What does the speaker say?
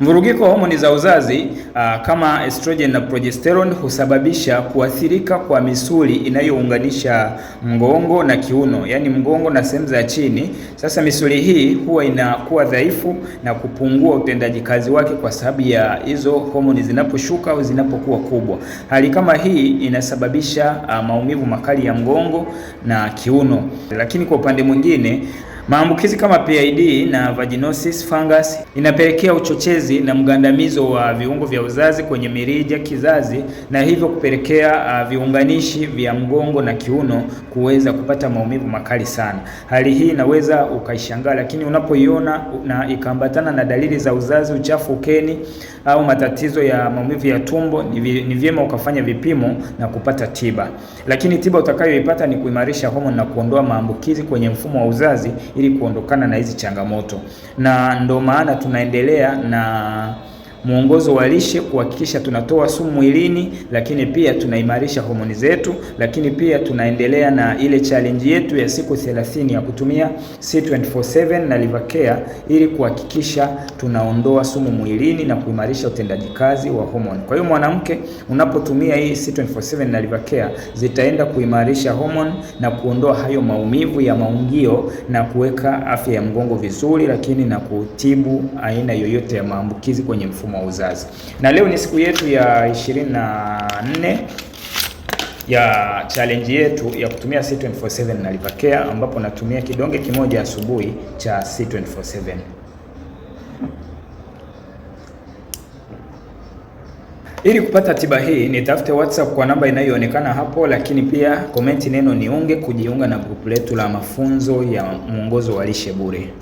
Mvurugiko wa homoni za uzazi uh, kama estrogen na progesterone husababisha kuathirika kwa misuli inayounganisha mgongo na kiuno, yaani mgongo na sehemu za chini. Sasa misuli hii huwa inakuwa dhaifu na kupungua utendaji kazi wake kwa sababu ya hizo homoni zinaposhuka au zinapokuwa kubwa. Hali kama hii inasababisha uh, maumivu makali ya mgongo na kiuno. Lakini kwa upande mwingine Maambukizi kama PID na vaginosis fungus inapelekea uchochezi na mgandamizo wa viungo vya uzazi kwenye mirija kizazi na hivyo kupelekea uh, viunganishi vya mgongo na kiuno kuweza kupata maumivu makali sana. Hali hii inaweza ukaishangaa, lakini unapoiona na ikaambatana na dalili za uzazi, uchafu ukeni au matatizo ya maumivu ya tumbo, ni vyema ukafanya vipimo na kupata tiba. Lakini tiba utakayoipata ni kuimarisha homoni na kuondoa maambukizi kwenye mfumo wa uzazi ili kuondokana na hizi changamoto, na ndo maana tunaendelea na mwongozo wa lishe kuhakikisha tunatoa sumu mwilini, lakini pia tunaimarisha homoni zetu, lakini pia tunaendelea na ile challenge yetu ya siku 30 ya kutumia C247 na Livercare ili kuhakikisha tunaondoa sumu mwilini na kuimarisha utendaji kazi wa homoni. Kwa hiyo mwanamke, unapotumia hii C247 na Livercare zitaenda kuimarisha homoni na kuondoa hayo maumivu ya maungio na kuweka afya ya mgongo vizuri, lakini na kutibu aina yoyote ya maambukizi kwenye mfumo mwa uzazi. Na leo ni siku yetu ya 24 ya challenge yetu ya kutumia C247 na Livercare ambapo natumia kidonge kimoja asubuhi cha C247. Ili kupata tiba hii nitafute WhatsApp kwa namba inayoonekana hapo, lakini pia komenti neno niunge kujiunga na grupu letu la mafunzo ya mwongozo wa lishe bure.